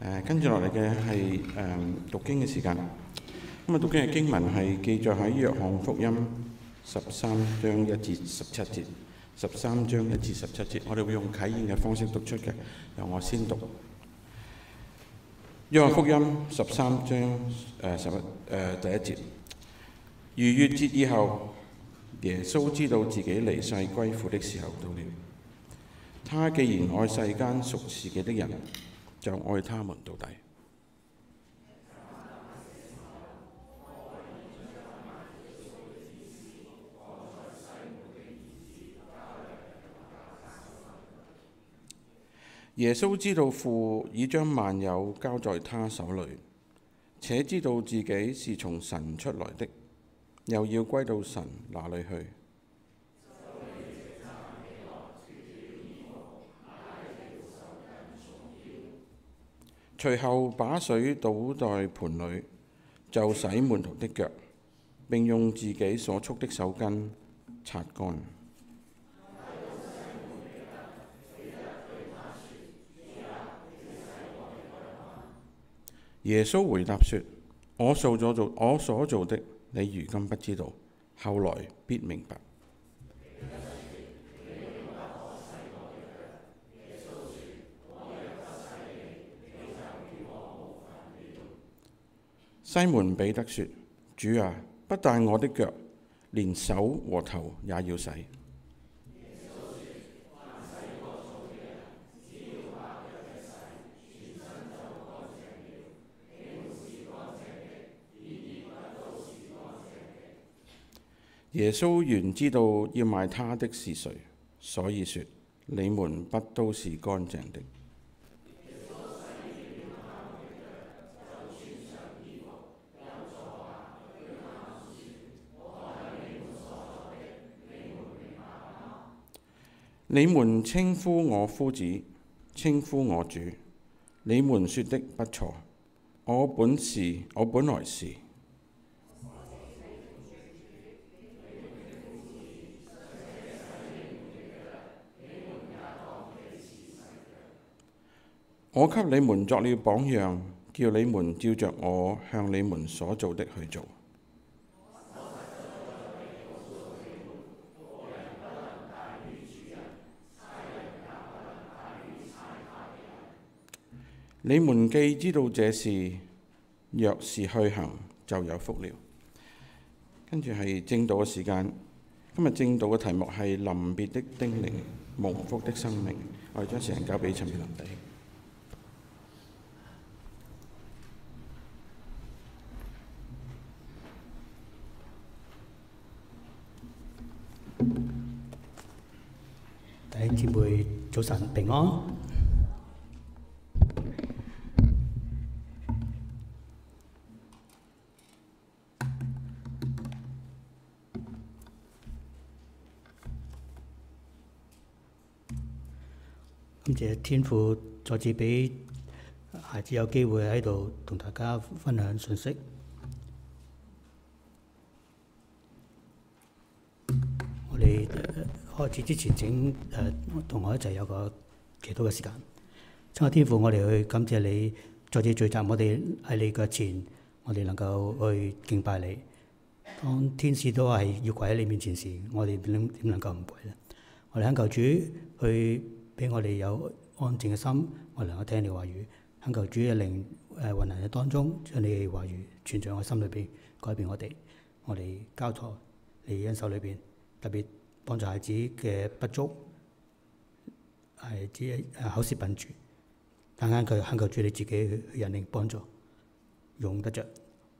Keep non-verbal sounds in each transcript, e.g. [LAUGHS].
誒跟住落嚟嘅係誒讀經嘅時間。咁啊、呃呃，讀經嘅經，經文係記載喺《約翰福音》十三章一至十七節。十三章一至十七節，我哋會用啟應嘅方式讀出嘅。由我先讀《約翰福音》十三章誒十一誒第一節。逾越節以後，耶穌知道自己離世歸父的時候到了。他既然愛世間屬自己的人，就愛他們到底。耶穌知道父已將萬有交在他手裏，且知道自己是從神出來的，又要歸到神那裏去。隨後把水倒在盆裏，就洗門徒的腳，並用自己所束的手巾擦乾。耶穌回答說：我做咗我所做的，你如今不知道，後來必明白。西門彼得說：主啊，不但我的腳，連手和頭也要洗。耶穌原知道要賣他的是誰，所以說：你們不都是乾淨的。你們稱呼我夫子，稱呼我主。你們說的不錯，我本是，我本來是。我給你們作了榜樣，叫你們照着我向你們所做的去做。你們既知道這事，若是去行，就有福了。跟住係正道嘅時間，今日正道嘅題目係臨別的叮嚀，蒙福的生命。我哋將時間交俾陳妙林弟兄。弟兄姊妹，早晨平安。天父再次俾孩子有機會喺度同大家分享信息。 [NOISE] 我哋、啊、開始之前，請誒同我一齊有一個祈禱嘅時間。親愛天父，我哋去感謝你再次聚集我哋喺你腳前，我哋能夠去敬拜你。當天使都係要跪喺你面前時，我哋點點能夠唔跪咧？我哋向求主去俾我哋有。安靜嘅心，我能夠聽你話語，懇求主嘅靈誒運行嘅當中，將你嘅話語存在我心裏邊，改變我哋，我哋交託你恩手裏邊，特別幫助孩子嘅不足，係只誒口舌笨拙，但願佢，懇求主你自己去去引領幫助，用得著，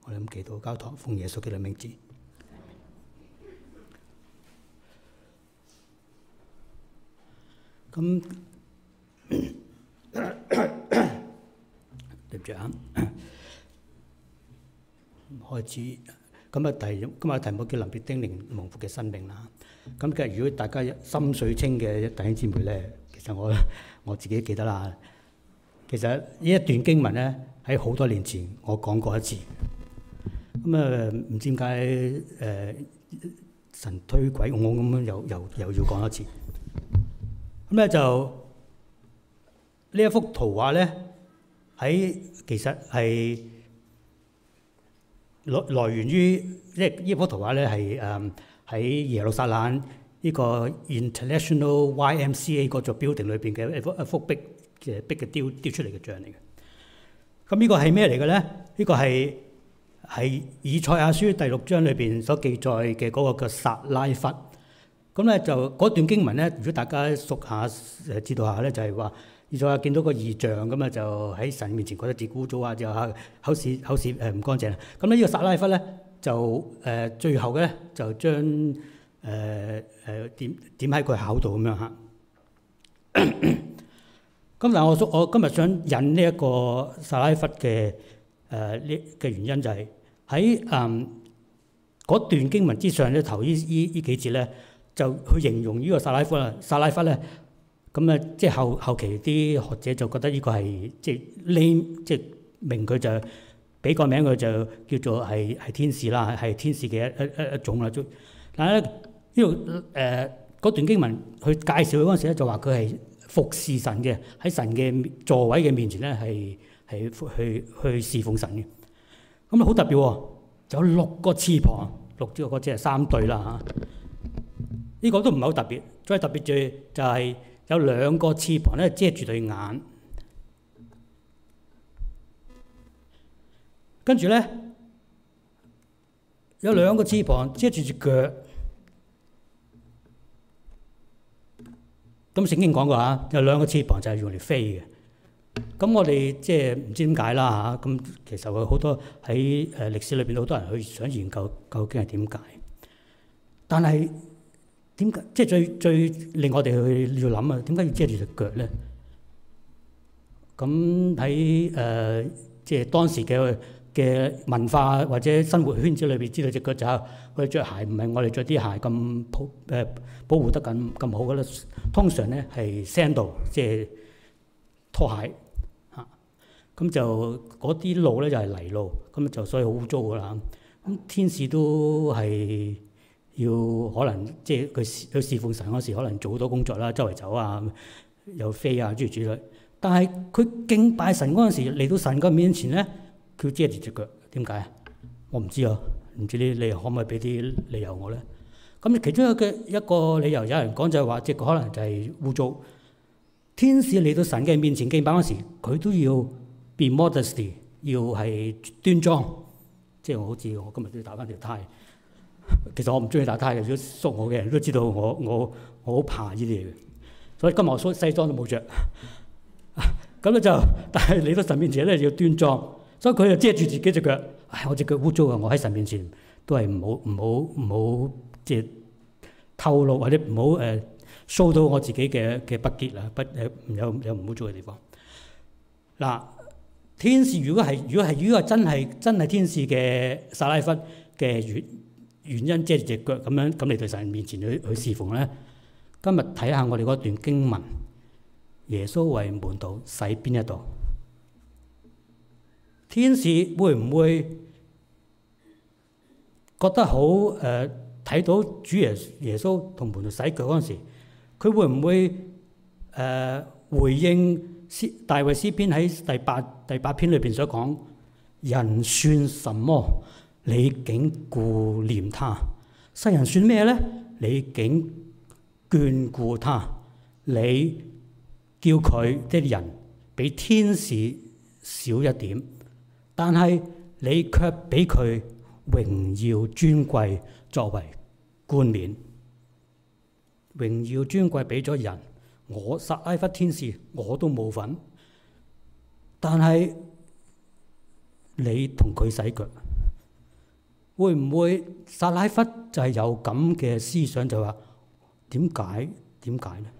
我諗祈禱交託奉耶穌嘅名字，咁。 [COUGHS] 對唔住啊！開始今日題咁啊題目叫《臨別叮嚀》蒙福嘅生命啦。咁其實如果大家心水清嘅弟兄姊妹咧，其實我我自己記得啦。其實呢一段經文咧，喺好多年前我講過一次。咁啊唔知點解誒神推鬼我咁樣又又又要講一次。咁咧就～呢一幅圖畫咧，喺其實係來來源於即係呢幅圖畫咧，係誒喺耶路撒冷呢個 International YMCA 嗰座 building 裏邊嘅一幅一幅壁嘅壁嘅雕雕出嚟嘅像嚟嘅。咁呢個係咩嚟嘅咧？呢個係係以賽亞書第六章裏邊所記載嘅嗰個叫撒拉弗。咁咧就嗰段經文咧，如果大家熟下誒知道下咧，就係話：二座啊見到個異象咁啊，就喺神面前覺得自古早啊就嚇考屎口屎誒唔乾淨啦。咁咧呢個薩拉弗咧就誒最後嘅咧就將誒誒點點喺佢口度咁樣嚇。咁 [COUGHS] 但係我我今日想引呢一個薩拉弗嘅誒呢嘅原因就係喺嗯嗰段經文之上咧頭呢呢呢幾節咧。就去形容個薩薩呢個薩拉夫啦，薩拉夫咧咁啊，即係後後期啲學者就覺得呢個係即係呢即係名佢就俾個名佢就叫做係係天使啦，係天使嘅一一一種啦。但係咧呢度，誒嗰、呃、段經文佢介紹佢嗰陣時咧，就話佢係服侍神嘅，喺神嘅座位嘅面前咧係係去去，去侍奉神嘅。咁好特別喎、啊，有六個翅膀，六隻嗰即係三對啦、啊、嚇。呢個都唔係好特別，最特別最就係有兩個翅膀咧遮住對眼，跟住咧有兩個翅膀遮住隻腳。咁聖經講過啊，有兩個翅膀就係用嚟飛嘅。咁我哋即係唔知點解啦吓。咁其實佢好多喺誒歷史裏邊，好多人去想研究究竟係點解，但係。點解即係最最令我哋去要諗啊？點解要遮住隻腳咧？咁喺誒即係當時嘅嘅文化或者生活圈子裏邊，知道隻腳就去著鞋，唔係我哋著啲鞋咁保誒保護得咁咁好嘅啦。通常咧係 sandal，即係拖鞋嚇。咁就嗰啲路咧就係泥路，咁就所以好污糟噶啦。咁天時都係～要可能即係佢侍佢侍奉神嗰時，可能做好多工作啦，周圍走啊，又飛啊，諸如此類。但係佢敬拜神嗰陣時，嚟到神嘅面前咧，佢遮住隻腳，點解啊？我唔知啊，唔知你你可唔可以俾啲理由我咧？咁其中一個一個理由，有人講就係話隻腳可能就係污糟。天使嚟到神嘅面前敬拜嗰時，佢都要 be modest 要係端莊，即係我好似我今日都要打翻條呔。其實我唔中意打呔嘅，如果熟我嘅人都知道我我我好怕呢啲嘢嘅，所以今日我叔西裝都冇着。咁、啊、咧就，但係你到神面前咧要端莊，所以佢就遮住自己隻腳。唉、哎，我隻腳污糟啊！我喺神面前都係唔好唔好唔好即係透露或者唔好誒 show 到我自己嘅嘅不潔啊不誒有有唔好做嘅地方。嗱，天使如果係如果係如果係真係真係天使嘅撒拉芬嘅月。原因遮住隻腳咁樣，咁你對神面前去去侍奉咧？今日睇下我哋嗰段經文，耶穌為門徒洗邊一度？天使會唔會覺得好誒？睇、呃、到主耶耶穌同門徒洗腳嗰陣時，佢會唔會誒、呃、回應詩大衛詩篇喺第八第八篇裏邊所講：人算什麼？你竟顧念他，世人算咩咧？你竟眷顧他，你叫佢的人比天使少一點，但係你卻俾佢榮耀尊貴作為冠冕。榮耀尊貴俾咗人，我撒拉弗天使我都冇份，但係你同佢洗腳。會唔會薩拉弗就係有咁嘅思想，就話點解點解咧？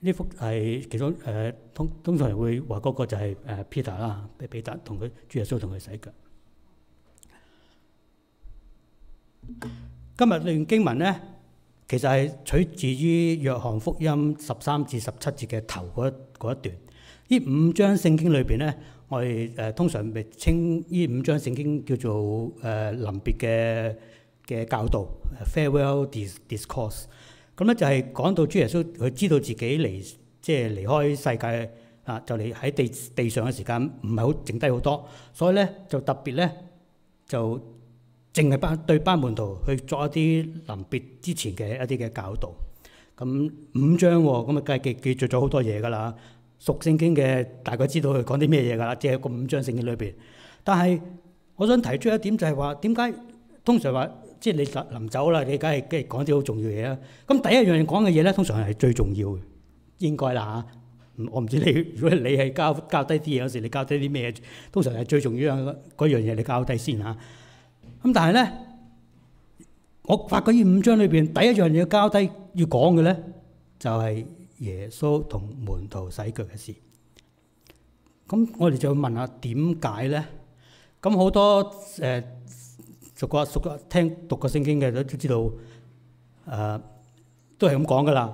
呢幅係其中誒通通常會話嗰個就係誒 Peter 啦，俾彼得同佢主耶穌同佢洗腳。今日段經文咧，其實係取自於約翰福音十三至十七節嘅頭嗰嗰一段。呢五章聖經裏邊咧，我哋誒通常咪稱呢五章聖經叫做誒臨別嘅嘅教導 farewell discourse。咁咧就係講到主耶穌佢知道自己離即係離開世界啊，就嚟喺地地上嘅時間唔係好剩低好多，所以咧就特別咧就淨係班對班門徒去作一啲臨別之前嘅一啲嘅教導。咁五章咁、哦、啊記記記著咗好多嘢㗎啦～熟聖經嘅大概知道佢講啲咩嘢㗎啦，即係個五章聖經裏邊。但係我想提出一點就係話，點解通常話即係你臨走啦，你梗係即係講啲好重要嘢呀。咁第一樣講嘅嘢咧，通常係最重要嘅，應該啦嚇。我唔知你，如果你係交交低啲嘢，有時你交低啲咩嘢？通常係最重要一嗰樣嘢，你交低你先嚇。咁但係咧，我發覺呢五章裏邊第一樣要交低要講嘅咧，就係、是。耶穌同門徒洗腳嘅事，咁我哋就問下點解咧？咁好多誒熟個熟個聽讀過聖經嘅都都知道，誒都係咁講㗎喇。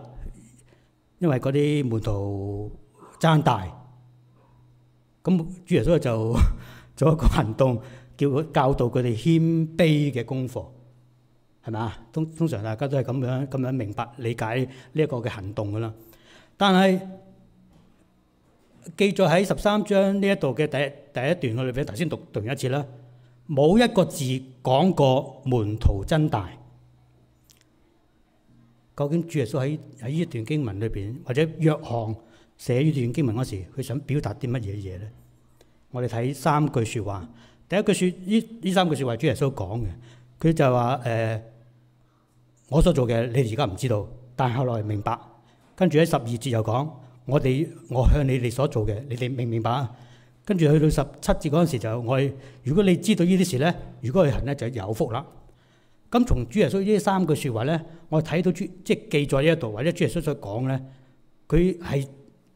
因為嗰啲門徒爭大，咁主耶穌就做一個行動，叫佢教導佢哋謙卑嘅功課，係咪？通通常大家都係咁樣咁樣明白理解呢一個嘅行動㗎喇。但係記載喺十三章呢一度嘅第一第一段裏邊，頭先讀讀完一次啦。冇一個字講過門徒爭大。究竟主耶穌喺喺呢一段經文裏邊，或者約翰寫呢段經文嗰時，佢想表達啲乜嘢嘢咧？我哋睇三句説話。第一句説，呢呢三句説話，主耶穌講嘅，佢就係話：誒、呃，我所做嘅，你哋而家唔知道，但係後來明白。跟住喺十二節又講，我哋我向你哋所做嘅，你哋明唔明白啊？跟住去到十七節嗰陣時就我，如果你知道呢啲事咧，如果佢行咧就有福啦。咁從主耶穌呢三句説話咧，我睇到主即係記載呢一度或者主耶穌所講咧，佢係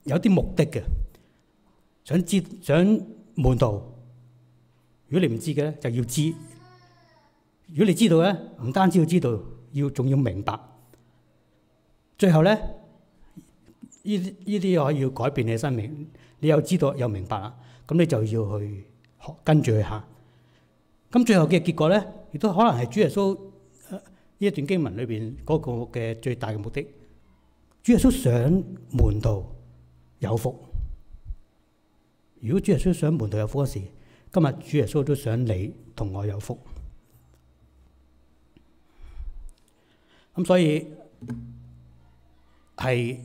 有啲目的嘅，想知想門道。如果你唔知嘅咧，就要知；如果你知道咧，唔單止要知道，要仲要明白。最後咧。呢啲呢啲可以要改變你嘅生命，你又知道又明白啦，咁你就要去學跟住去行。咁最後嘅結果咧，亦都可能係主耶穌呢一段經文裏邊嗰個嘅最大嘅目的。主耶穌想門徒有福。如果主耶穌想門徒有福嗰時，今日主耶穌都想你同我有福。咁所以係。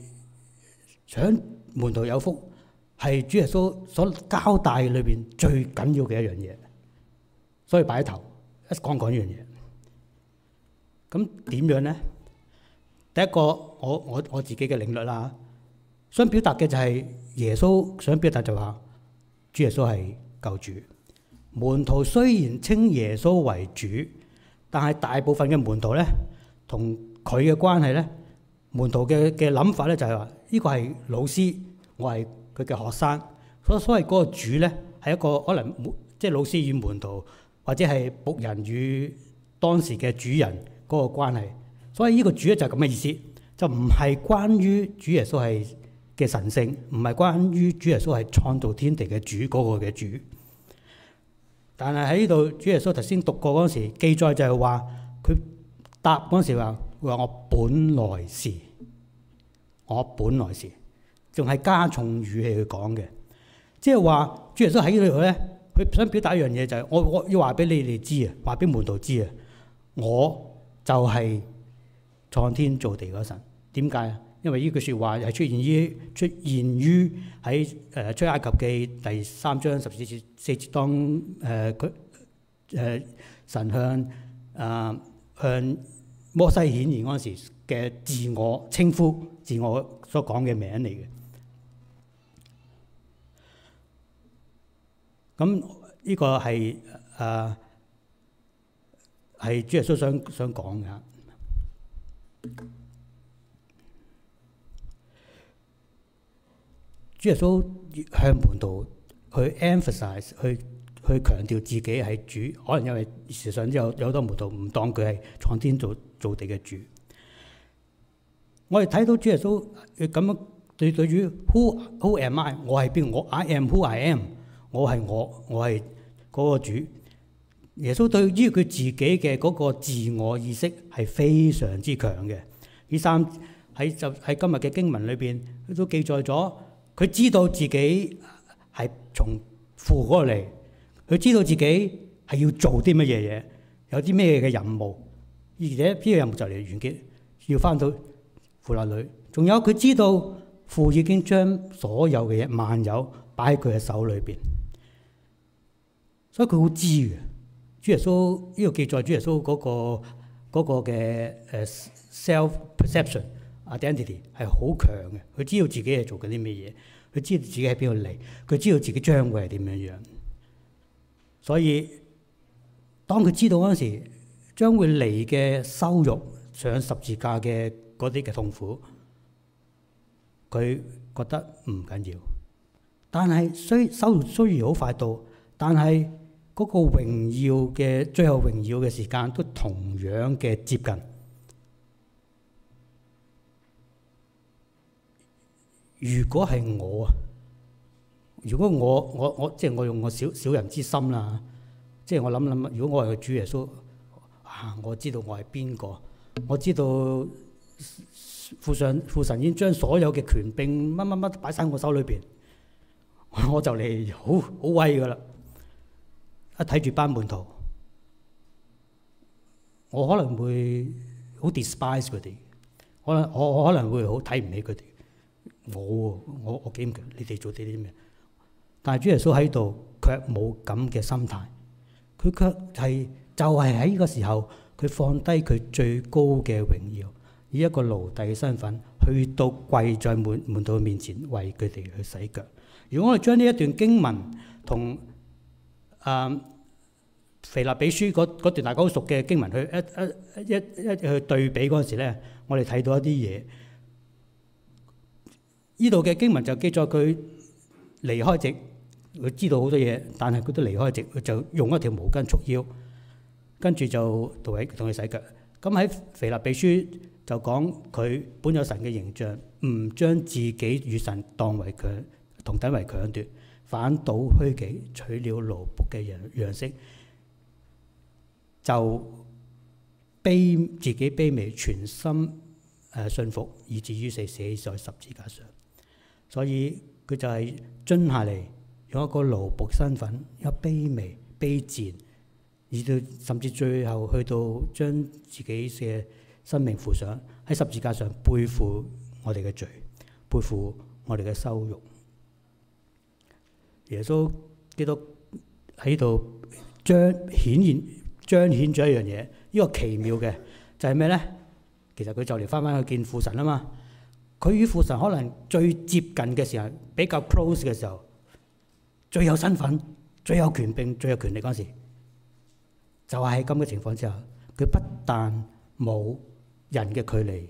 想門徒有福係主耶穌所交代裏邊最緊要嘅一樣嘢，所以擺喺頭。講一講嗰樣嘢，咁點樣咧？第一個我我我自己嘅領略啦，想表達嘅就係耶穌想表達就話，主耶穌係救主。門徒雖然稱耶穌為主，但係大部分嘅門徒咧，同佢嘅關係咧，門徒嘅嘅諗法咧就係話。呢個係老師，我係佢嘅學生。所以所謂嗰個主咧，係一個可能門，即係老師與門徒，或者係僕人與當時嘅主人嗰個關係。所以呢個主咧就係咁嘅意思，就唔係關於主耶穌係嘅神性，唔係關於主耶穌係創造天地嘅主嗰個嘅主。但係喺呢度，主耶穌頭先讀過嗰陣時，記載就係話，佢答嗰陣時話，話我本來是。我本來是，仲係加重語氣去講嘅。即係話主耶穌喺呢度咧，佢想表達一樣嘢就係，我我要話俾你哋知啊，話俾門徒知啊，我就係創天造地嗰神。點解啊？因為呢句説話係出現於出現於喺誒出埃及記第三章十四節四節當誒佢誒神向啊、呃、向摩西顯現嗰時。嘅自我稱呼，自我所講嘅名嚟嘅。咁、這、呢個係啊係主耶穌想想講嘅。主耶穌向門徒去 emphasize，去去強調自己係主，可能因為事實上都有好多門徒唔當佢係創天造，造地嘅主。我哋睇到主耶穌佢咁樣對對於 Who Who Am I？我係邊？我 I Am Who I Am。我係我，我係嗰個主耶穌。對於佢自己嘅嗰個自我意識係非常之強嘅。而三喺就喺今日嘅經文裏邊佢都記載咗，佢知道自己係從父嗰度嚟，佢知道自己係要做啲乜嘢嘢，有啲咩嘅任務，而且呢個任務就嚟完結，要翻到。父女，仲有佢知道父已經將所有嘅嘢萬有擺喺佢嘅手裏邊，所以佢好知嘅。主耶穌呢個記載，主耶穌嗰、那個嘅、誒、那個、self perception identity 係好強嘅。佢知道自己係做緊啲咩嘢，佢知道自己喺邊度嚟，佢知道自己將會係點樣樣。所以當佢知道嗰陣時，將會嚟嘅羞辱，上十字架嘅。嗰啲嘅痛苦，佢覺得唔緊要，但係雖收入雖然好快到，但係嗰個榮耀嘅最後榮耀嘅時間都同樣嘅接近。如果係我啊，如果我我我即係我用我小小人之心啦，即係我諗諗，如果我係個主耶穌啊，我知道我係邊個，我知道。父上父神已經將所有嘅權柄乜乜乜擺晒我手裏邊，我就嚟好好威噶啦！一睇住班門徒，我可能會好 despise 佢哋，我我我可能會好睇唔起佢哋。我我我幾唔強？你哋做啲啲咩？但係主耶穌喺度，卻冇咁嘅心態。佢卻係就係喺呢個時候，佢放低佢最高嘅榮耀。以一個奴隸嘅身份去到跪在門門徒面前，為佢哋去洗腳。如果我哋將呢一段經文同啊腓立比書嗰嗰段大家好熟嘅經文去一一一一去對比嗰陣時咧，我哋睇到一啲嘢。呢度嘅經文就記載佢離開席，佢知道好多嘢，但係佢都離開席，佢就用一條毛巾束腰，跟住就同佢同佢洗腳。咁喺腓立比書。就講佢本有神嘅形象，唔將自己與神當為強同等為強奪，反倒虛己取了奴僕嘅樣樣式，就卑自己卑微，全心誒信服，以至於死死在十字架上。所以佢就係尊下嚟，用一個奴僕身份，有卑微卑賤，以至甚至最後去到將自己嘅。生命付上喺十字架上背負我哋嘅罪，背負我哋嘅羞辱。耶穌基督喺度彰顯、彰顯咗一樣嘢，呢個奇妙嘅就係咩咧？其實佢就嚟翻翻去見父神啊嘛。佢與父神可能最接近嘅時候，比較 close 嘅時候，最有身份、最有權柄、最有權力嗰陣時，就係喺咁嘅情況之下，佢不但冇。人嘅距離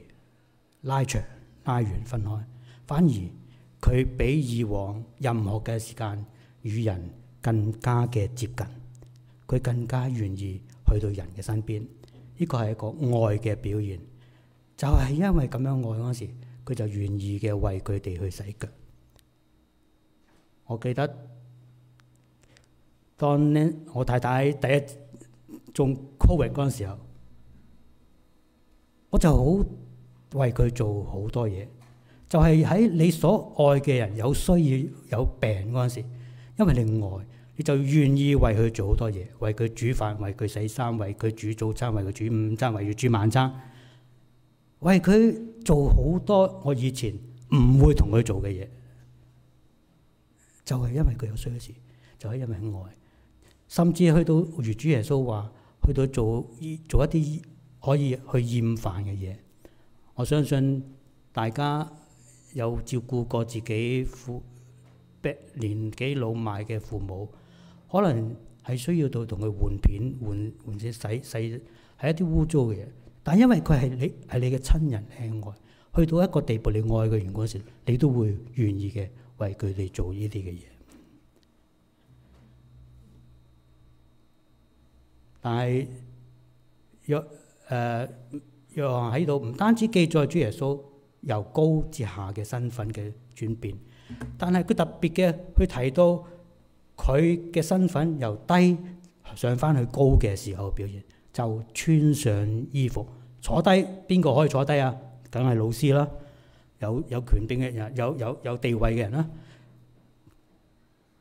拉長拉遠分開，反而佢比以往任何嘅時間與人更加嘅接近，佢更加願意去到人嘅身邊。呢個係一個愛嘅表現，就係、是、因為咁樣愛嗰陣時，佢就願意嘅為佢哋去洗腳。我記得當呢我太太第一中 COVID 嗰時候。我就好為佢做好多嘢，就係、是、喺你所愛嘅人有需要、有病嗰陣時，因為你愛，你就願意為佢做好多嘢，為佢煮飯、為佢洗衫、為佢煮早餐、為佢煮午餐、為佢煮晚餐，為佢做好多我以前唔會同佢做嘅嘢，就係、是、因為佢有需要時，就係、是、因為愛，甚至去到如主耶穌話去到做做一啲可以去厭煩嘅嘢，我相信大家有照顧過自己父年紀老邁嘅父母，可能係需要到同佢換片、換換只洗洗，係一啲污糟嘅嘢。但因為佢係你係你嘅親人，你愛，去到一個地步，你愛嘅緣故時，你都會願意嘅為佢哋做呢啲嘅嘢。但係若誒約翰喺度，唔單止記載主耶穌由高至下嘅身份嘅轉變，但係佢特別嘅，佢提到佢嘅身份由低上翻去高嘅時候表現，就穿上衣服坐低，邊個可以坐低啊？梗係老師啦，有有權柄嘅人，有有有地位嘅人啦。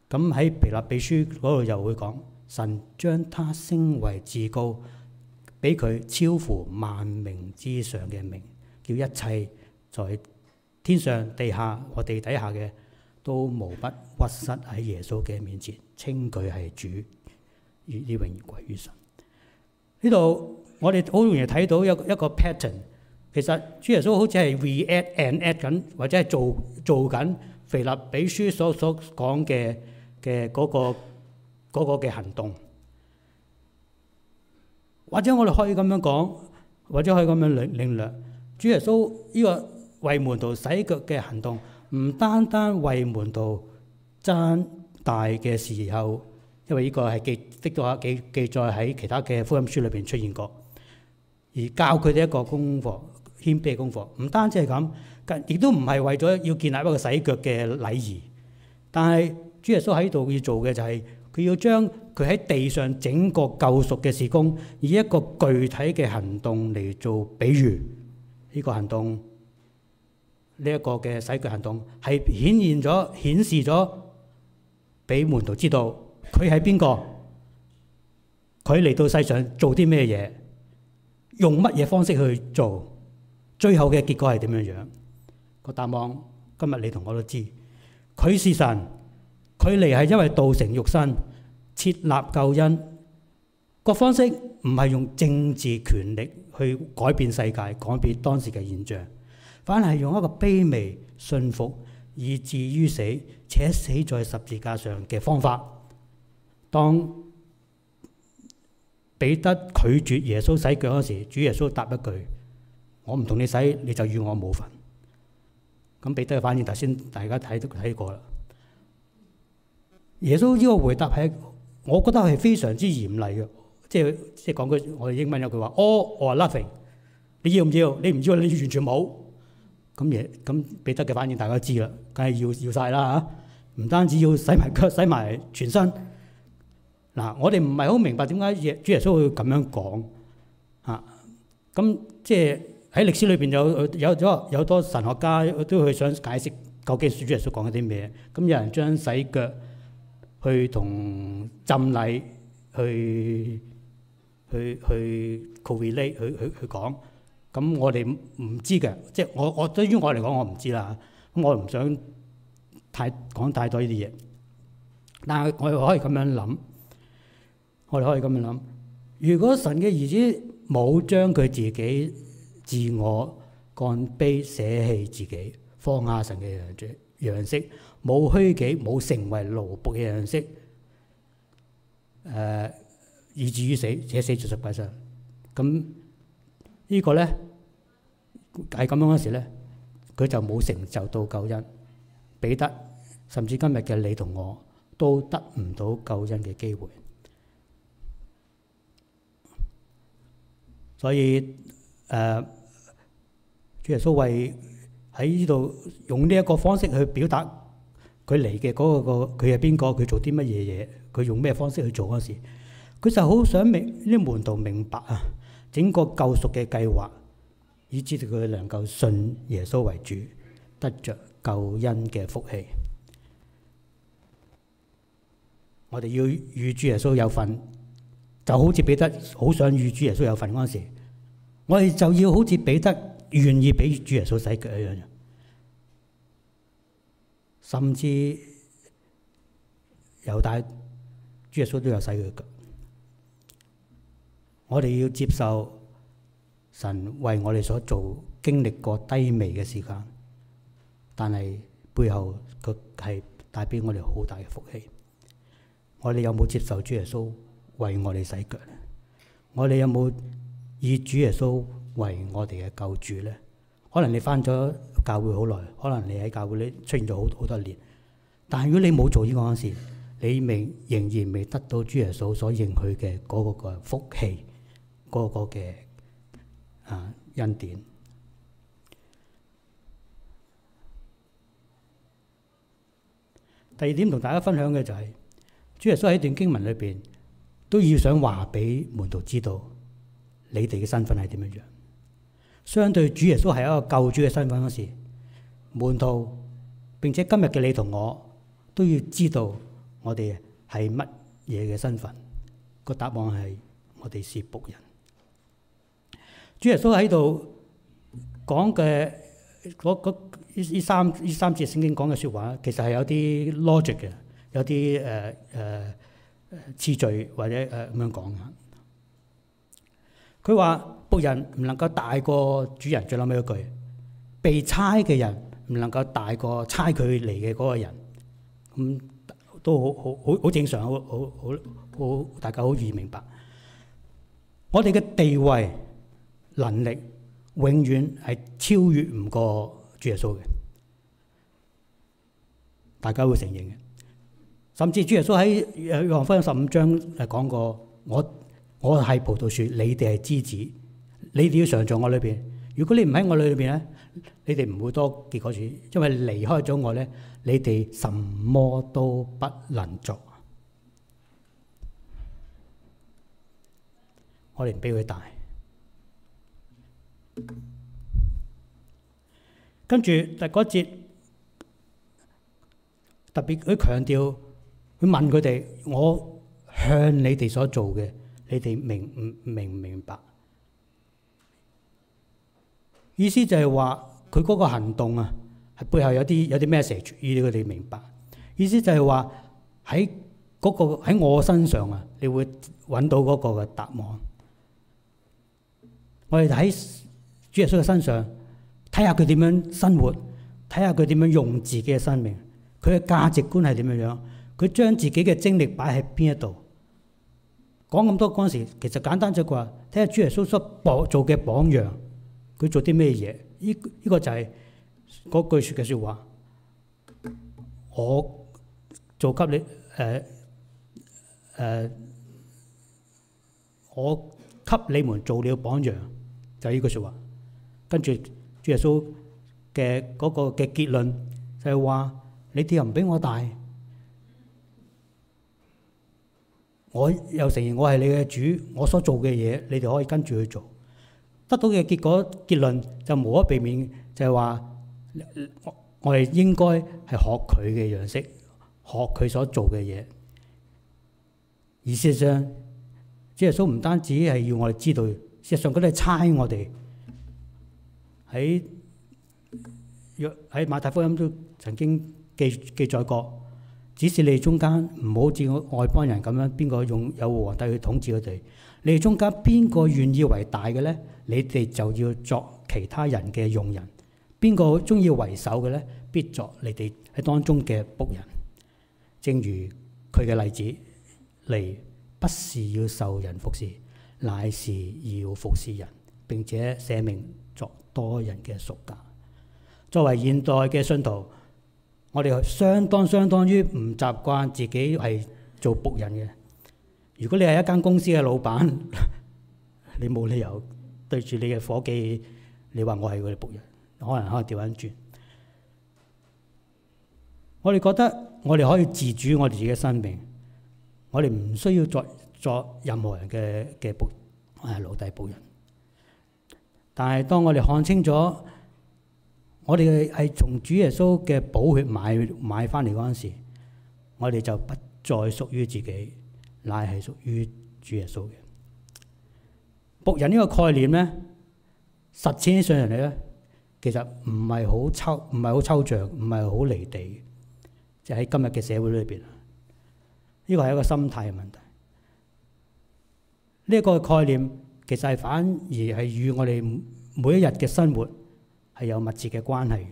咁喺腓立比書嗰度又會講，神將他升為至高。俾佢超乎萬名之上嘅名，叫一切在天上、地下、或地底下嘅，都無不屈膝喺耶穌嘅面前，稱佢係主，以以榮耀歸於神。呢度我哋好容易睇到一個一個 pattern，其實主耶穌好似係 react and act 緊或者係做做緊腓立比書所所講嘅嘅嗰個嗰個嘅行動。或者我哋可以咁樣講，或者可以咁樣領領略，主耶穌呢個為門徒洗腳嘅行動，唔單單為門徒爭大嘅時候，因為呢個係記，記載喺其他嘅福音書裏邊出現過，而教佢哋一個功課，謙卑嘅功課。唔單止係咁，亦都唔係為咗要建立一個洗腳嘅禮儀，但係主耶穌喺度要做嘅就係、是。佢要將佢喺地上整個救贖嘅事工，以一個具體嘅行動嚟做比喻。呢個行動，呢、這、一個嘅洗腳行動顯，係顯現咗、顯示咗，俾門徒知道佢係邊個，佢嚟到世上做啲咩嘢，用乜嘢方式去做，最後嘅結果係點樣樣？個答案今日你同我都知，佢是神。距離係因為道成肉身，設立救恩，個方式唔係用政治權力去改變世界、改變當時嘅現象，反而係用一個卑微、信服、以至於死且死在十字架上嘅方法。當彼得拒絕耶穌洗腳嗰時，主耶穌答一句：我唔同你洗，你就與我無分。咁彼得嘅反應，頭先大家睇睇過啦。耶穌呢個回答係，我覺得係非常之嚴厲嘅，即係即係講句我哋英文有句話，哦，all or nothing，你要唔要？你唔要，你完全冇咁嘢咁，彼得嘅反應大家知啦，梗係要要晒啦嚇，唔、啊、單止要洗埋腳，洗埋全身。嗱，我哋唔係好明白點解主耶穌會咁樣講嚇，咁、啊嗯、即係喺歷史裏邊有有咗有好多神學家都去想解釋究竟主耶穌講咗啲咩？咁、嗯、有人將洗腳。去同浸禮去去去 call r e 去去去，去，去，去，去講，咁我哋唔知嘅，即係我我對於我嚟講我唔知啦，咁我唔想太講太多呢啲嘢。但係我又可以咁樣諗，我哋可以咁樣諗。如果神嘅兒子冇將佢自己自我降卑捨棄自己，放下神嘅樣子。樣式，冇虛己，冇成為奴僕嘅樣式，誒以至於死，且死在十字架上。咁呢個咧，係咁樣嗰陣時咧，佢就冇成就到救恩，彼得甚至今日嘅你同我都得唔到救恩嘅機會。所以誒，主耶穌為。喺呢度用呢一個方式去表達佢嚟嘅嗰個，佢係邊個，佢做啲乜嘢嘢，佢用咩方式去做嗰時，佢就好想明呢門徒明白啊，整個救贖嘅計劃，以至佢能夠信耶穌為主得着救恩嘅福氣。我哋要與主耶穌有份，就好似彼得好想與主耶穌有份嗰時，我哋就要好似彼得。願意俾主耶穌洗腳一樣，甚至有帶主耶穌都有洗佢腳。我哋要接受神為我哋所做，經歷過低微嘅時間，但係背後佢係帶俾我哋好大嘅福氣。我哋有冇接受主耶穌為我哋洗腳？我哋有冇以主耶穌？為我哋嘅救主咧，可能你翻咗教會好耐，可能你喺教會咧出現咗好好多年，但係如果你冇做呢個嘅事，你未仍然未得到主耶穌所應許嘅嗰個嘅福氣，嗰、嗰個嘅啊恩典。第二點同大家分享嘅就係，主耶穌喺一段經文裏邊都要想話俾門徒知道，你哋嘅身份係點樣樣。相對主耶穌係一個救主嘅身份嗰時，門徒，並且今日嘅你同我都要知道我哋係乜嘢嘅身份。個答案係我哋是僕人。主耶穌喺度講嘅嗰嗰呢呢三呢三節聖經講嘅說話，其實係有啲 logic 嘅，有啲誒誒次序或者誒咁樣講嘅。佢話。僕人唔能夠大過主人。最諗起一句，被差嘅人唔能夠大過差佢嚟嘅嗰個人。咁都好好好好正常，好好好大家好易明白。我哋嘅地位能力永遠係超越唔過主耶穌嘅，大家會承認嘅。甚至主耶穌喺誒約翰福音十五章誒講過：我我係葡萄樹，你哋係枝子。你哋要常在我裏邊。如果你唔喺我裏裏邊咧，你哋唔會多結果子，因為離開咗我咧，你哋什麼都不能做。我年比佢大。跟住第嗰節特別去強調，去問佢哋：我向你哋所做嘅，你哋明唔明唔明白？意思就係話佢嗰個行動啊，係背後有啲有啲 message，要佢哋明白。意思就係話喺嗰個喺我身上啊，你會揾到嗰個嘅答案。我哋喺主耶穌嘅身上睇下佢點樣生活，睇下佢點樣用自己嘅生命，佢嘅價值觀係點樣樣，佢將自己嘅精力擺喺邊一度。講咁多嗰陣時，其實簡單就係話，睇下主耶穌所博做嘅榜樣。佢做啲咩嘢？呢、這、依個就係嗰句說嘅說話。我做給你誒誒、呃呃，我給你們做了榜樣，就呢、是、句說話。跟住主耶穌嘅嗰個嘅結論就係話：你哋又唔比我大，我又承認我係你嘅主，我所做嘅嘢，你哋可以跟住去做。得到嘅結果結論就無可避免，就係、是、話我哋應該係學佢嘅樣式，學佢所做嘅嘢。而事實上，即係蘇唔單止係要我哋知道，事實上佢都係差，差我哋喺約喺馬太福音都曾經記記載過，指示你哋中間唔好似外邦人咁樣，邊個用有皇帝去統治佢哋。你哋中間邊個願意為大嘅咧？你哋就要作其他人嘅用人。邊個中意為首嘅咧？必作你哋喺當中嘅僕人。正如佢嘅例子，嚟不是要受人服侍，乃是要服侍人，並且捨命作多人嘅贖價。作為現代嘅信徒，我哋相當相當於唔習慣自己係做僕人嘅。如果你係一間公司嘅老闆， [LAUGHS] 你冇理由對住你嘅夥計，你話我係佢哋僕人，可能可能調翻轉。我哋覺得我哋可以自主我哋自己嘅生命，我哋唔需要作作任何人嘅奴隸僕人。但係當我哋看清楚，我哋係從主耶穌嘅寶血買買翻嚟嗰陣時候，我哋就不再屬於自己。乃係屬於主耶穌嘅僕人，呢個概念咧，實踐起上嚟咧，其實唔係好抽，唔係好抽象，唔係好離地，就喺、是、今日嘅社會裏邊，呢個係一個心態嘅問題。呢、這、一個概念其實係反而係與我哋每一日嘅生活係有密切嘅關係。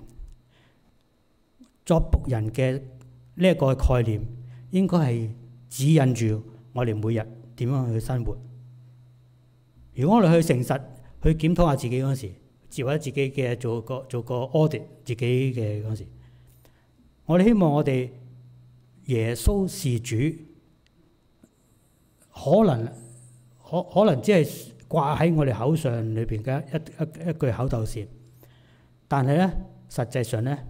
作僕人嘅呢一個概念應該係指引住。我哋每日點樣去生活？如果我哋去誠實去檢討下自己嗰時，自或者自己嘅做個做個 audit 自己嘅嗰時，我哋希望我哋耶穌事主，可能可可能只係掛喺我哋口上裏邊嘅一一一句口頭禪，但係咧實際上咧，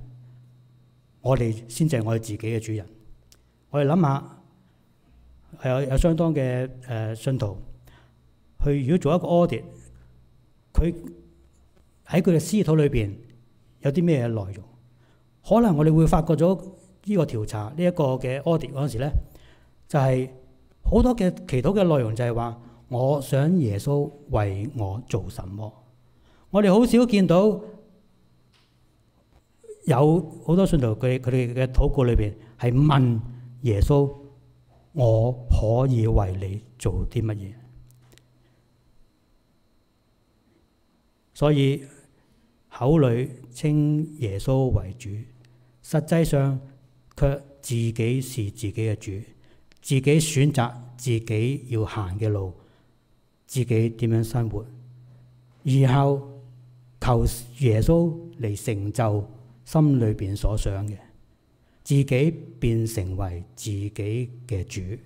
我哋先至係我哋自己嘅主人。我哋諗下。係有有相當嘅誒信徒，佢如果做一個 audit，佢喺佢嘅私禱裏邊有啲咩內容？可能我哋會發覺咗呢個調查呢一、這個嘅 audit 嗰陣時咧，就係、是、好多嘅祈禱嘅內容就係話：我想耶穌為我做什麼。我哋好少見到有好多信徒佢佢哋嘅禱告裏邊係問耶穌。我可以為你做啲乜嘢？所以口裡稱耶穌為主，實際上卻自己是自己嘅主，自己選擇自己要行嘅路，自己點樣生活，以後求耶穌嚟成就心裏邊所想嘅。自己變成為自己嘅主，呢、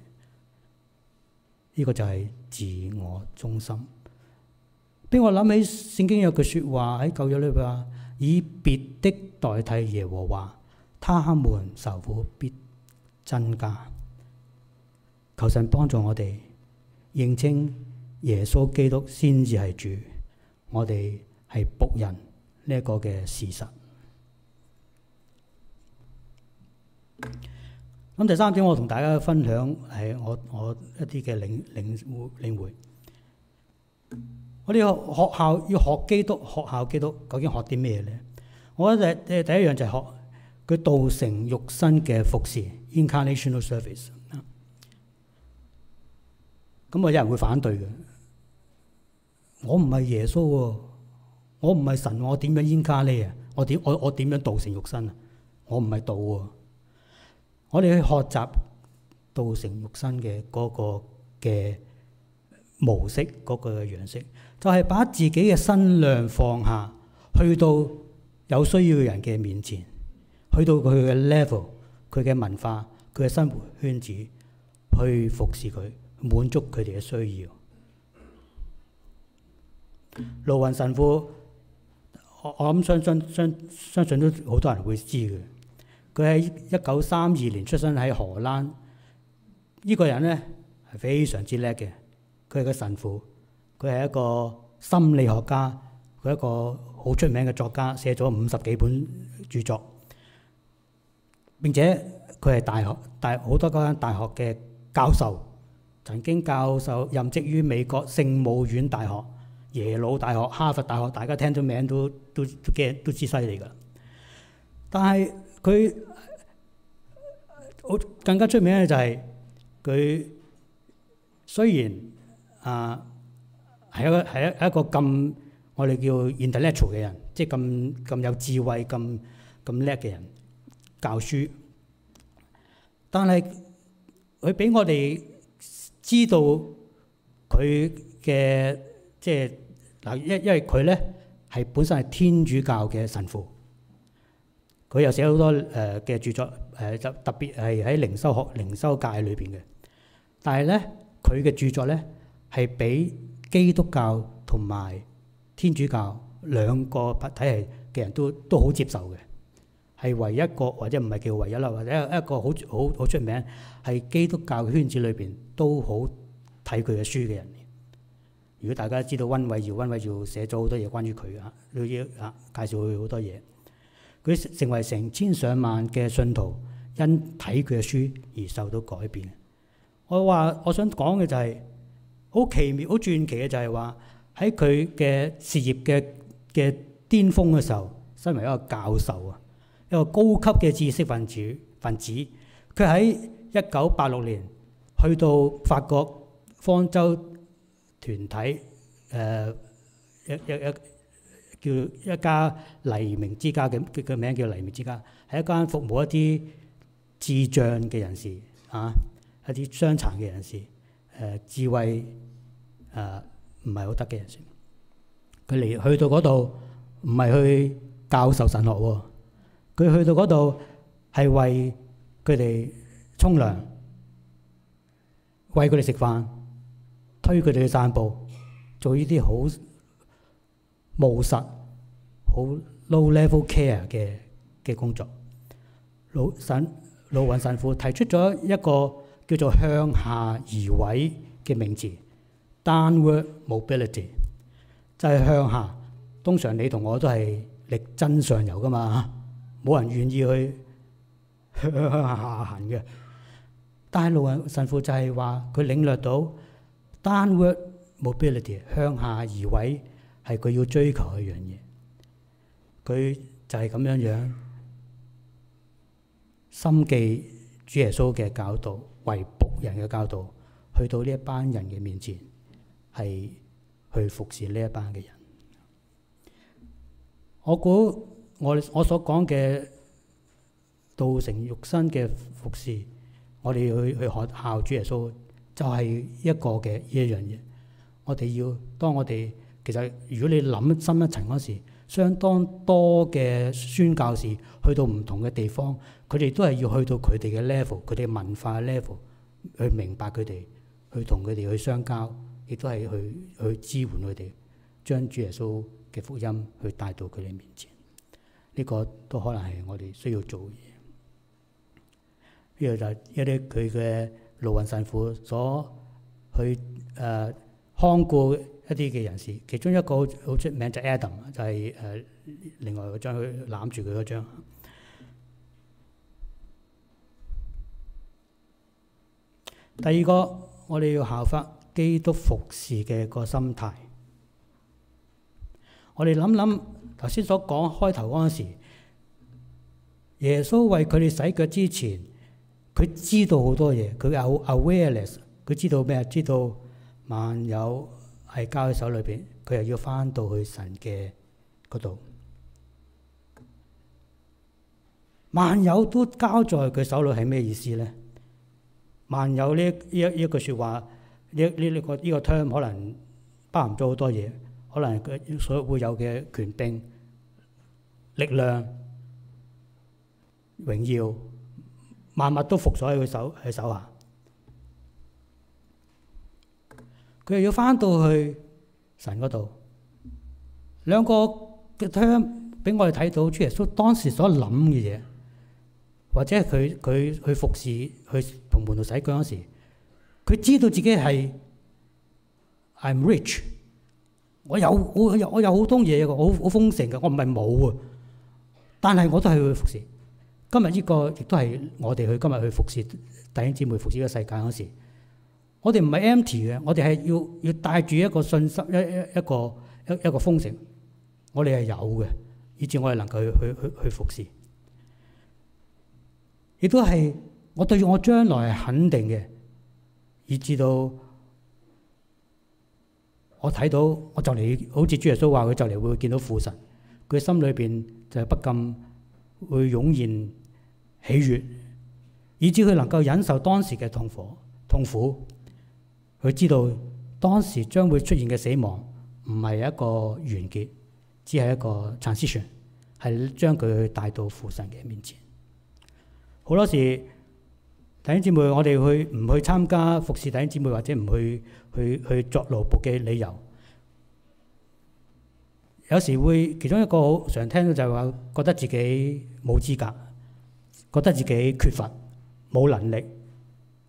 這個就係自我中心。俾我諗起聖經有句話說話喺舊約裏邊話：以別的代替耶和華，他們受苦必增加。求神幫助我哋認清耶穌基督先至係主，我哋係僕人呢一個嘅事實。咁第三點，我同大家分享係我我一啲嘅領領領會。我哋學校要學基督，學校基督究竟學啲咩咧？我咧第一樣就係學佢道成肉身嘅服侍 i n c a r n a t i o n a l Service）。咁啊，有人會反對嘅。我唔係耶穌，我唔係神，我點樣 i n c a 啊？我點我我點樣道成肉身啊？我唔係道。我哋去學習道成肉身嘅嗰個嘅模式，嗰、那個嘅樣式，就係、是、把自己嘅身量放下去到有需要的人嘅面前，去到佢嘅 level、佢嘅文化、佢嘅生活圈子，去服侍佢，滿足佢哋嘅需要。盧雲神父，我諗相信相相信都好多人會知嘅。佢喺一九三二年出生喺荷蘭，呢、呢個人咧係非常之叻嘅。佢係個神父，佢係一個心理學家，佢係一個好出名嘅作家，寫咗五十幾本著作。並且佢係大學大好多間大學嘅教授，曾經教授任職於美國聖母院大學、耶魯大學、哈佛大學，大家聽咗名都都驚都知犀利噶。但係，佢好更加出名咧，就係佢雖然啊係一個係一係一個咁我哋叫 intellectual 嘅人，即係咁咁有智慧、咁咁叻嘅人教書，但係佢俾我哋知道佢嘅即係嗱，因因為佢咧係本身係天主教嘅神父。佢又寫好多誒嘅著作，誒就特別係喺靈修學、靈修界裏邊嘅。但係咧，佢嘅著作咧係俾基督教同埋天主教兩個體系嘅人都都好接受嘅，係唯一個或者唔係叫唯一啦，或者一一個好好好出名，係基督教圈子裏邊都好睇佢嘅書嘅人。如果大家知道温偉耀，温偉耀寫咗好多嘢關於佢啊，要啊介紹佢好多嘢。佢成為成千上萬嘅信徒，因睇佢嘅書而受到改變。我話我想講嘅就係、是、好奇妙、好傳奇嘅就係話喺佢嘅事業嘅嘅巔峯嘅時候，身為一個教授啊，一個高級嘅知識分子分子，佢喺一九八六年去到法國方舟團體誒一一一。一一叫一家黎明之家嘅，佢嘅名叫黎明之家，係一間服務一啲智障嘅人士啊，一啲傷殘嘅人士，誒、呃、智慧誒唔係好得嘅人士。佢嚟去到嗰度，唔係去教授神學喎，佢去到嗰度係為佢哋沖涼，餵佢哋食飯，推佢哋去散步，做呢啲好務實好 low level care 嘅、嘅工作，盧神盧雲神父提出咗一個叫做向下移位嘅名字，downward mobility，就係向下。通常你同我都係力爭上游噶嘛，冇人願意去向下行嘅。但係盧雲神父就係話佢領略到 downward mobility 向下移位。係佢要追求一樣嘢，佢就係咁樣樣心記主耶穌嘅教導，為僕人嘅教導，去到呢一班人嘅面前係去服侍呢一班嘅人。我估我我所講嘅道成肉身嘅服侍，我哋去去學效主耶穌，就係、是、一個嘅呢一樣嘢。我哋要當我哋。其實，如果你諗深一層嗰時，相當多嘅宣教士去到唔同嘅地方，佢哋都係要去到佢哋嘅 level，佢哋嘅文化 level 去明白佢哋，去同佢哋去相交，亦都係去去支援佢哋，將主耶穌嘅福音去帶到佢哋面前。呢、這個都可能係我哋需要做嘅嘢。呢個就係一啲佢嘅盧雲神父所去誒、呃、看顧。一啲嘅人士，其中一個好出名就 Adam，就係誒另外嗰張佢攬住佢嗰張。第二個，我哋要效法基督服侍嘅個心態。我哋諗諗頭先所講開頭嗰陣時，耶穌為佢哋洗腳之前，佢知道好多嘢，佢有 awareness，佢知道咩？知道萬有。係交喺手裏邊，佢又要翻到去神嘅嗰度。萬有都交在佢手裏係咩意思咧？萬有呢一一句説話，呢呢呢個呢個 term 可能包含咗好多嘢，可能佢所會有嘅權柄、力量、榮耀，萬物都服咗喺佢手喺手下。佢要返到去神嗰度。兩個嘅窗俾我哋睇到主耶穌當時所諗嘅嘢，或者佢佢去服侍去同門度徒洗腳嗰時，佢知道自己係 I'm rich，我有我有我有好多嘢嘅，好好豐盛嘅，我唔係冇啊，但係我都係去服侍。今日呢個亦都係我哋去今日去服侍弟兄姊妹、服侍嘅世界嗰時。我哋唔係 empty 嘅，我哋係要要帶住一個信心，一一一個一一個豐盛，我哋係有嘅，以致我哋能夠去去去去服事。亦都係我對我將來係肯定嘅，以致到我睇到我就嚟好似主耶穌話佢就嚟會見到父神，佢心裏邊就係不禁會湧現喜悅，以致佢能夠忍受當時嘅痛苦痛苦。佢知道當時將會出現嘅死亡唔係一個完結，只係一個 t r a n s i t i，係將佢帶到父神嘅面前。好多時弟兄姊妹我，我哋去唔去參加服侍弟兄姊妹或者唔去去去作勞僕嘅理由，有時會其中一個好常聽到就係話覺得自己冇資格，覺得自己缺乏冇能力，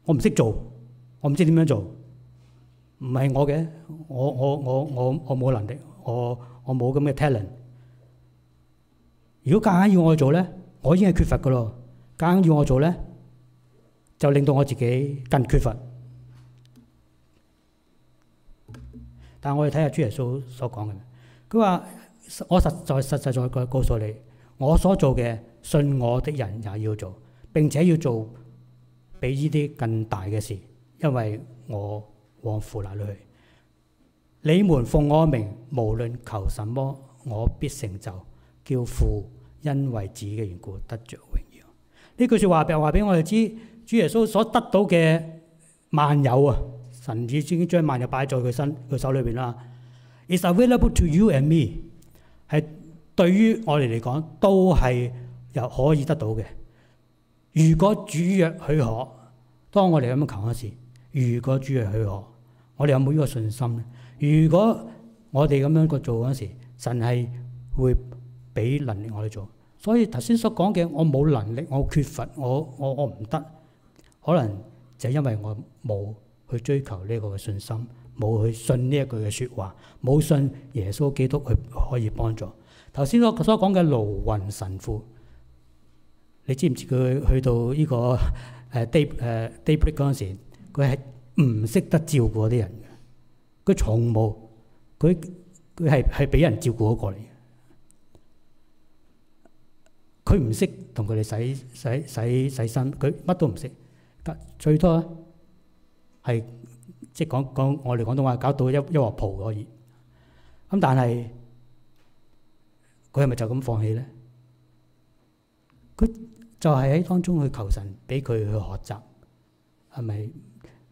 我唔識做，我唔知點樣做。唔係我嘅，我我我我我冇能力，我我冇咁嘅 talent。如果夾硬要我去做咧，我已經係缺乏㗎咯。夾硬要我做咧，就令到我自己更缺乏。但係我哋睇下主耶穌所講嘅，佢話：我實在實實在在告訴你，我所做嘅，信我的人也要做，並且要做比呢啲更大嘅事，因為我。往父那裏去。你們奉我名無論求什麼，我必成就。叫父因為子嘅緣故得着榮耀。呢句說話又話俾我哋知，主耶穌所得到嘅萬有啊，神主已經將萬有擺在佢身佢手裏邊啦。It's available to you and me，係對於我哋嚟講都係又可以得到嘅。如果主若許可，當我哋咁樣求嗰時，如果主若許可。我哋有冇呢個信心咧？如果我哋咁樣去做嗰陣時，神係會俾能力我哋做。所以頭先所講嘅，我冇能力，我缺乏，我我我唔得，可能就係因為我冇去追求呢一個信心，冇去信呢一句嘅説話，冇信耶穌基督佢可以幫助。頭先我所講嘅盧雲神父，你知唔知佢去到呢、這個誒 Day 誒 Daybreak 嗰陣時，佢係？唔識得照顧啲人嘅，佢從無，佢佢係係俾人照顧咗過嚟，佢唔識同佢哋洗洗洗洗身，佢乜都唔識，最多係即係講講我哋廣東話搞到一一鑊泡而已。咁但係佢係咪就咁放棄咧？佢就係喺當中去求神，俾佢去學習，係咪？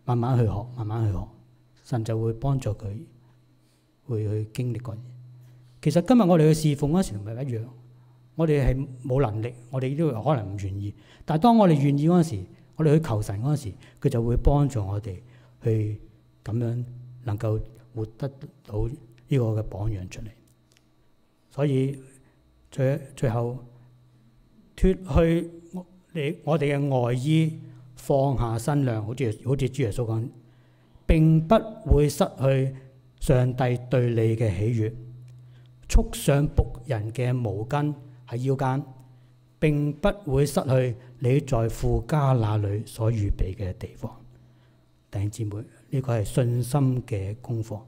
慢慢去學，慢慢去學，神就會幫助佢，會去經歷過嘢。其實今日我哋去侍奉嗰陣時同咪一樣，我哋係冇能力，我哋都可能唔願意。但係當我哋願意嗰陣時，我哋去求神嗰陣時，佢就會幫助我哋去咁樣能夠活得到呢個嘅榜樣出嚟。所以最最後脫去你我哋嘅外衣。放下身量，好似好似主耶穌講，並不會失去上帝對你嘅喜悅。束上僕人嘅毛巾喺腰間，並不會失去你在父家那裏所預備嘅地方。弟兄姊妹，呢個係信心嘅功課，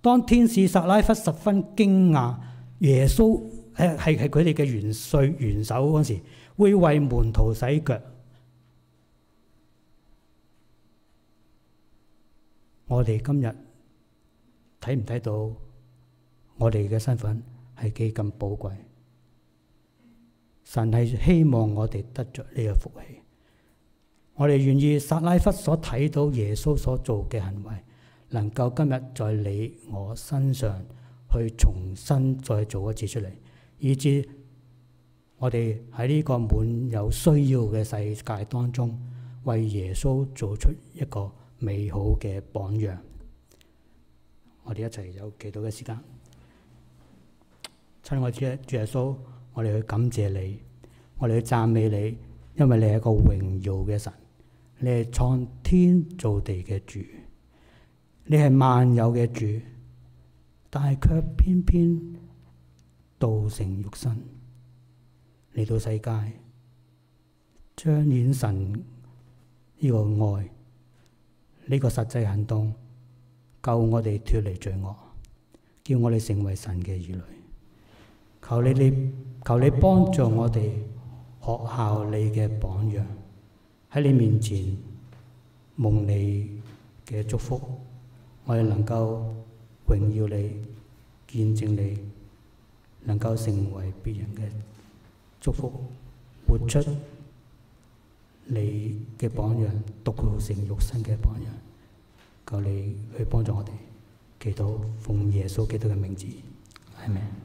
當天使撒拉弗十分驚訝耶穌係係佢哋嘅元帥元首嗰陣時會為門徒洗腳。我哋今日睇唔睇到我哋嘅身份係幾咁寶貴？神係希望我哋得着呢個福氣。我哋願意薩拉弗所睇到耶穌所做嘅行為，能夠今日在你我身上去重新再做一次出嚟，以至我哋喺呢個滿有需要嘅世界當中，為耶穌做出一個。美好嘅榜樣，我哋一齊有祈禱嘅時間。親愛主耶主耶穌，我哋去感謝你，我哋去讚美你，因為你係一個榮耀嘅神，你係創天造地嘅主，你係萬有嘅主，但係卻偏偏道成肉身嚟到世界，將眼神呢個愛。呢個實際行動救我哋脫離罪惡，叫我哋成為神嘅兒女。求你，你求你幫助我哋學效你嘅榜樣，喺你面前蒙你嘅祝福，我哋能夠榮耀你、見證你，能夠成為別人嘅祝福，活出。你嘅榜樣，獨成肉身嘅榜樣，求你去幫助我哋，祈禱奉耶穌基督嘅名字，阿門。